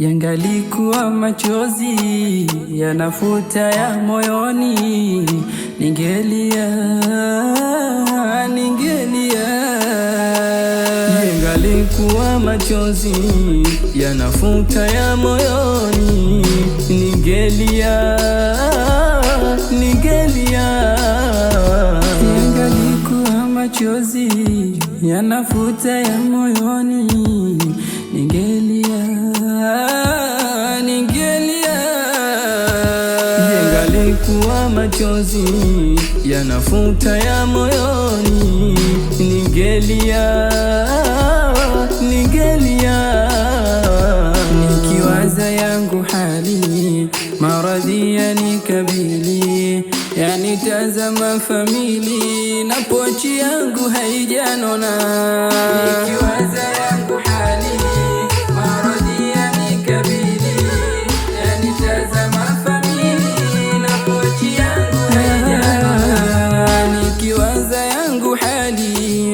yangalikuwa machozi yanafuta ya moyoni, ningelia ningelia, yangalikuwa machozi yanafuta ya moyoni, ningelia ningelia, yangalikuwa machozi yanafuta ya moyoni, ningelia ningelia. machozi yanafuta ya moyoni, ningelia, ningelia nikiwaza yangu hali maradhi yanikabili, yanitazama famili na pochi yangu haijanona nikiwaza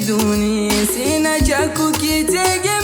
biduni, sina cha kukitegemea.